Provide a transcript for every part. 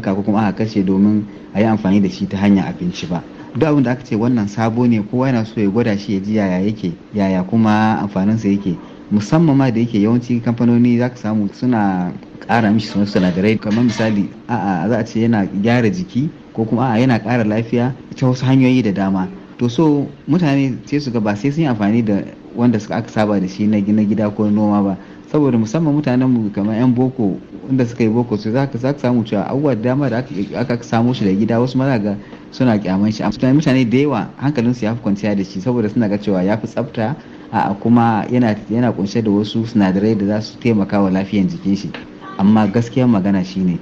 yanka ko kuma aka kashe domin a yi amfani da shi ta hanyar abinci ba duk abin da aka ce wannan sabo ne kowa yana so ya gwada shi ya ji yaya yake yaya kuma amfaninsa yake musamman ma da yake yawanci kamfanoni za ka samu suna ƙara mishi sun sinadarai kamar misali a za a ce yana gyara jiki ko kuma a'a yana ƙara lafiya ta wasu hanyoyi da dama to so mutane sai su ga ba sai sun yi amfani da wanda suka aka saba da shi na gida ko noma ba saboda musamman mutanen mu kamar yan boko inda suka yi boko sai za ka samu cewa abubuwa dama da aka samo shi da gida wasu maza ga suna kyaman shi amma mutane da yawa hankalin su ya fi kwanciya da shi saboda suna ga cewa ya fi tsafta a kuma yana yana kunshe da wasu sinadarai da za su taimaka wa lafiyan jikin shi amma gaskiyar magana shine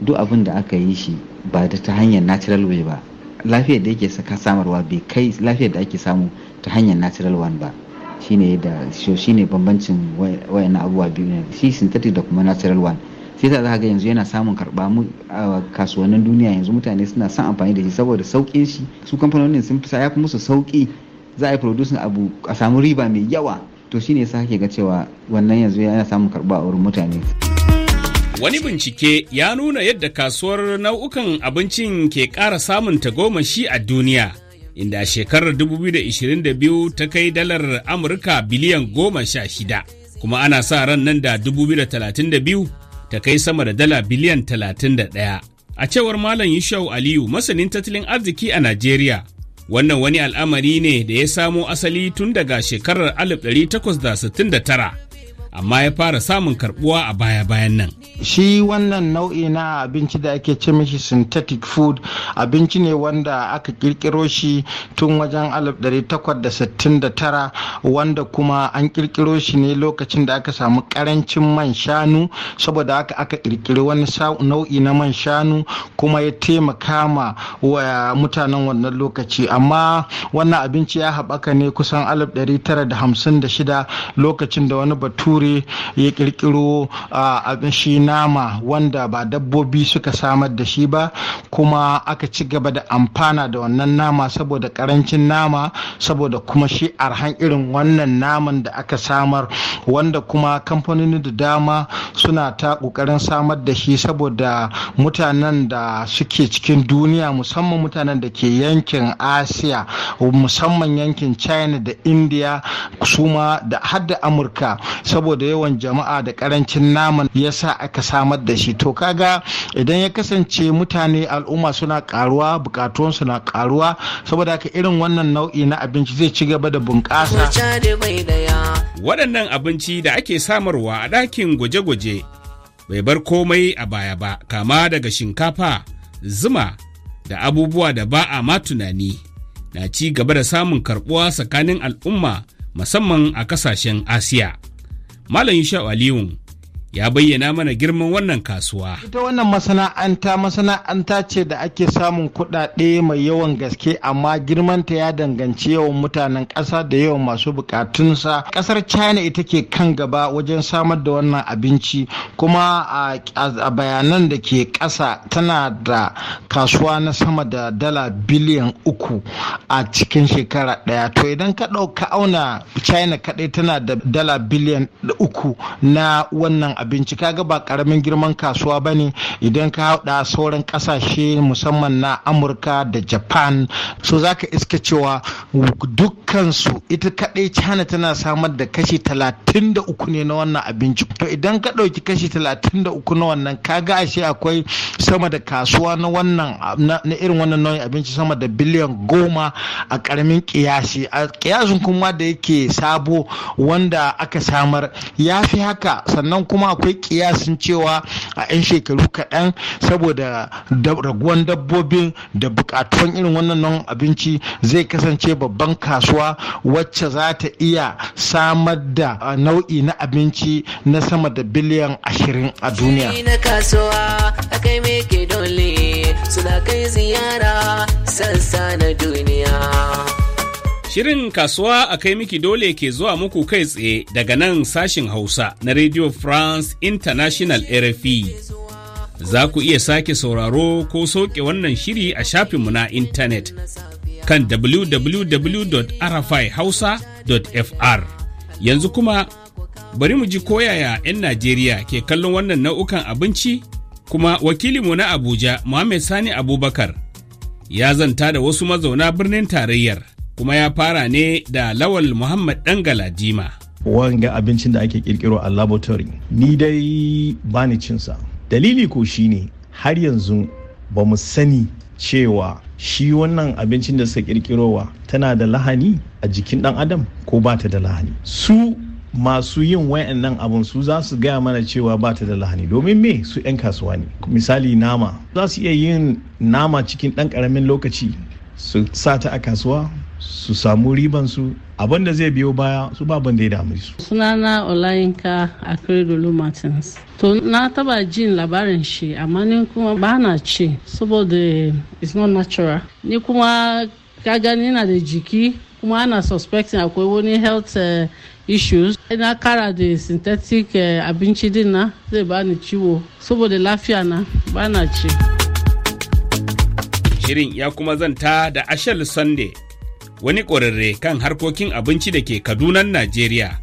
duk abin da aka yi shi ba da ta hanyar natural way ba lafiyar da yake samarwa bai kai lafiyar da ake samu ta hanyar natural one ba shine da shine bambancin wayan abubuwa biyu ne shi synthetic da kuma natural one sai ta za ga yanzu yana samun karba a kasuwannin duniya yanzu mutane suna son amfani da shi saboda saukin shi su kamfanonin sun fisa ya fi musu sauki za a yi producing abu a samu riba mai yawa to shine yasa kake ga cewa wannan yanzu yana samun karba a wurin mutane Wani bincike ya nuna yadda kasuwar nau'ukan abincin ke ƙara samun tagomashi a duniya. inda shekarar 2022 ta kai dalar Amurka biliyan goma sha shida, kuma ana sa ran nan da 2032 ta kai sama da dala biliyan 31. A cewar Malam yishau Aliyu, masanin tattalin arziki a Najeriya, wannan wani al'amari ne da ya samo asali tun daga shekarar 1869 amma ya fara samun karbuwa a baya-bayan nan. Shi wannan nau'i na abinci da ake ce mishi synthetic food abinci ne wanda aka kirkiro shi tun wajen 1869 wanda kuma an kirkiro shi ne lokacin da aka samu karancin man shanu saboda aka aka kirkiri wani nau'i na man shanu kuma ya taimaka ma mutanen wannan lokaci amma wannan abinci ya haɓaka ne kusan 1956 lokacin da wani batu bature ya kirkiro abin shi nama wanda ba dabbobi suka samar da shi ba kuma aka ci gaba da amfana da wannan nama saboda karancin nama saboda kuma shi arhan irin wannan naman da aka samar wanda kuma kamfanoni da dama suna ta kokarin samar da shi saboda mutanen da suke cikin duniya musamman mutanen da ke yankin asiya musamman yankin china da india su ma da hadda amurka saboda yawan jama'a da karancin naman ya sa aka samar da shi to kaga idan ya kasance mutane al'umma suna karuwa bukatuwan suna karuwa saboda haka irin wannan nau'i na abinci zai ci gaba da bunƙasa waɗannan abinci da ake samarwa a ɗakin gwaje-gwaje bai bar komai a baya ba kama daga shinkafa zuma da abubuwa da ba a ma tunani na ci gaba da samun karbuwa tsakanin al'umma musamman a kasashen asiya Malam Yushau Aliyu ya bayyana mana girman wannan kasuwa. Ita wannan masana'anta masana'anta ce da ake samun kuɗaɗe mai yawan gaske amma girmanta ya danganci yawan mutanen ƙasa da yawan masu buƙatunsa. Ƙasar China ita ke kan gaba wajen samar da wannan abinci kuma a bayanan da ke ƙasa tana da kasuwa na sama da dala biliyan uku a cikin shekara ɗaya. To idan ka ɗauka auna China kaɗai tana da dala biliyan uku na wannan abinci kaga ba karamin girman kasuwa ba ne idan ka hauɗa sauran ƙasashe musamman na amurka da japan so za ka iska cewa dukkansu ita kaɗai china tana samar da kashi 33 ne na wannan abinci to idan ka ɗauki kashi 33 na wannan kaga ashe akwai sama da kasuwa na wannan na irin wannan nau'in abinci sama da biliyan goma a ƙaramin ƙiyashi a ƙiyashin kuma da yake sabo wanda aka samar ya fi haka sannan kuma akwai kiyasin cewa a 'yan shekaru kaɗan saboda raguwan dabbobin da bukatuwan irin wannan abinci zai kasance babban kasuwa wacce za ta iya samar da nau'i na abinci na sama da biliyan ashirin a duniya. suna kai ziyara sassa na duniya. Shirin kasuwa a kai miki dole ke zuwa muku kai tsaye daga nan sashin Hausa na Radio France International RFI. Za ku iya sake sauraro ko soke wannan shiri a shafinmu na intanet kan www.rfihausa.fr. Yanzu kuma bari mu ji koyaya 'yan Najeriya ke kallon wannan nau'ukan abinci kuma wakilinmu na Abuja Muhammad Sani Abubakar ya zanta da wasu mazauna birnin tarayyar. kuma ya fara ne da lawal muhammad dan galadima wanga abincin da ake kirkiro a laboratory ni dai bani ni cinsa dalili ko shine har yanzu ba mu sani cewa shi wannan abincin da suka kirkirowa tana da lahani a jikin dan adam ko ba ta da lahani su masu yin wayannan abun su za su gaya mana cewa ba ta da lahani domin me su 'yan kasuwa ne misali nama za su iya yin nama cikin ɗan ƙaramin lokaci su sa ta a kasuwa su samu ribansu abin da zai biyo baya su baban da ya damu su. sunana olayinka akredolu martins to na taba jin labarin shi amma ni kuma ba na ce saboda it's not natural ni kuma ka gani na da jiki kuma ana suspecting akwai wani health uh, issues na kara da synthetic uh, abinci din na zai ba ni ciwo saboda lafiya na ba na ce shirin ya kuma zanta da ashel sunday wani ƙwararre kan harkokin abinci da ke Kadunan Najeriya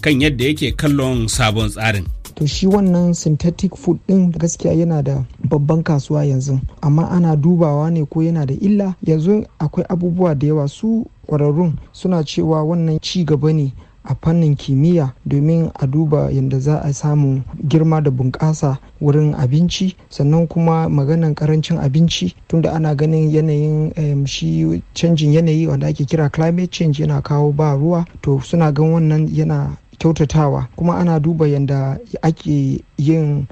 kan yadda yake kallon sabon tsarin. to shi wannan synthetic food din gaskiya yana da babban kasuwa yanzu amma ana dubawa ne ko yana da illa yanzu akwai abubuwa da yawa su ƙwararrun suna cewa wannan ci gaba ne a fannin kimiyya domin a duba yadda za a samu girma da bunƙasa wurin abinci sannan kuma maganan karancin abinci tunda ana ganin yanayin shi canjin yanayi wanda ake kira climate change yana kawo ba ruwa to suna gan wannan yana kyautatawa kuma ana duba yadda ake yin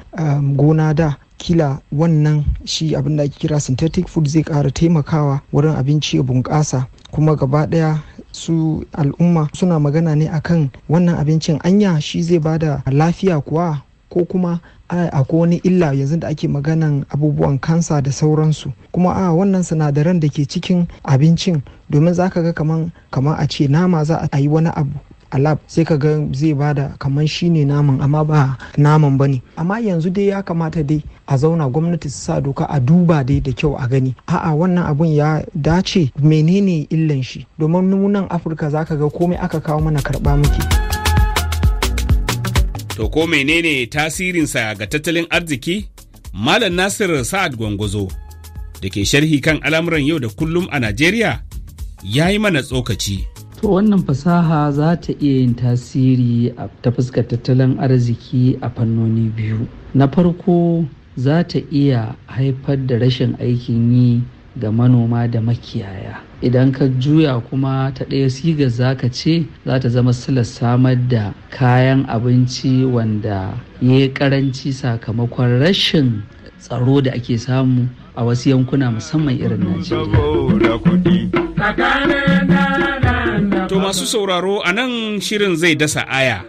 gona da kila wannan shi abin da ake kira synthetic food zai ƙara taimakawa wurin abinci ya bunƙasa kuma gaba ɗaya su al'umma suna magana ne akan wannan abincin anya shi zai bada lafiya kuwa ko kuma akwai wani illa yanzu da ake maganan abubuwan kansa da sauransu kuma a wannan sinadaran da ke cikin abincin domin za ka ga kaman a ce nama za a yi wani abu a lab sai ka ga zai bada kamar shine naman amma ba naman bane amma yanzu dai ya kamata dai a zauna gwamnati su sa doka a duba dai da kyau a gani a'a wannan abun ya dace menene illan shi domin nunan afirka zaka ga komai aka kawo mana karba muke to ko menene sa ga tattalin arziki malam nasir sa'ad gwangwazo da ke sharhi kan al'amuran yau da kullum a najeriya ya yi mana tsokaci To wannan fasaha za ta iya yin tasiri ta fuskar tattalin arziki a fannoni biyu. Na farko za ta iya haifar da rashin aikin yi ga manoma da makiyaya. Idan ka juya kuma ta ɗaya sigar za ka ce za ta zama silar samar da kayan abinci wanda ya yi karanci sakamakon rashin tsaro da ake samu a wasu yankuna musamman irin Najeriya. Masu sauraro a nan shirin zai dasa aya.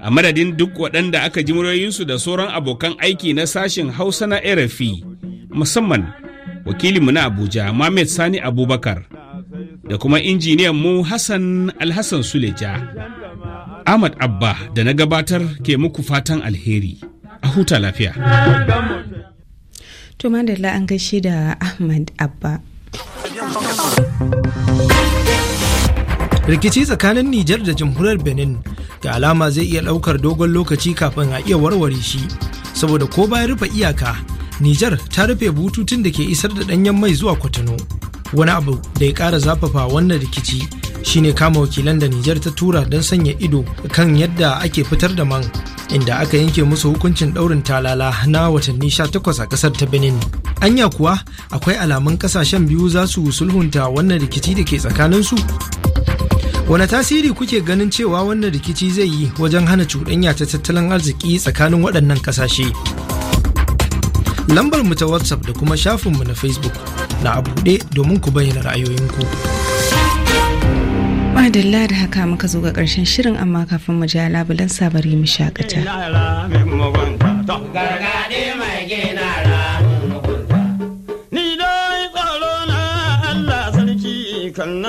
A madadin duk waɗanda aka ji muryoyinsu da sauran abokan aiki na sashen Hausa na RFI, musamman wakilinmu na Abuja, Mohammed Sani Abubakar, da kuma mu Hassan Alhassan Suleja. Ahmad Abba da na gabatar ke muku fatan alheri. A huta lafiya. To madalla an gaishe da Ahmad Abba. rikici tsakanin nijar da jamhuriyar benin da alama zai iya ɗaukar dogon lokaci kafin a iya warware shi saboda ko bayan rufe iyaka nijar ta rufe bututun da ke isar da ɗanyen mai zuwa kwatano wani abu da ya ƙara zafafa wannan rikici shine kama wakilan da nijar ta tura don sanya ido kan yadda ake fitar da man inda aka yanke musu hukuncin ɗaurin talala na watanni 18 a ƙasar ta benin anya kuwa akwai alamun ƙasashen biyu za su sulhunta wannan rikici da ke tsakaninsu Wane tasiri kuke ganin cewa wannan rikici zai yi wajen hana cuɗanya ta tattalin arziki tsakanin waɗannan ƙasashe? Lambar mu ta WhatsApp da kuma shafinmu na Facebook na a buɗe domin ku bayyana ra'ayoyinku. Madalla da haka muka zo ga ƙarshen shirin amma kafin mu ja labulan sabari mu shakata. Ni dai tsoro na sarki kan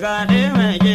gane it.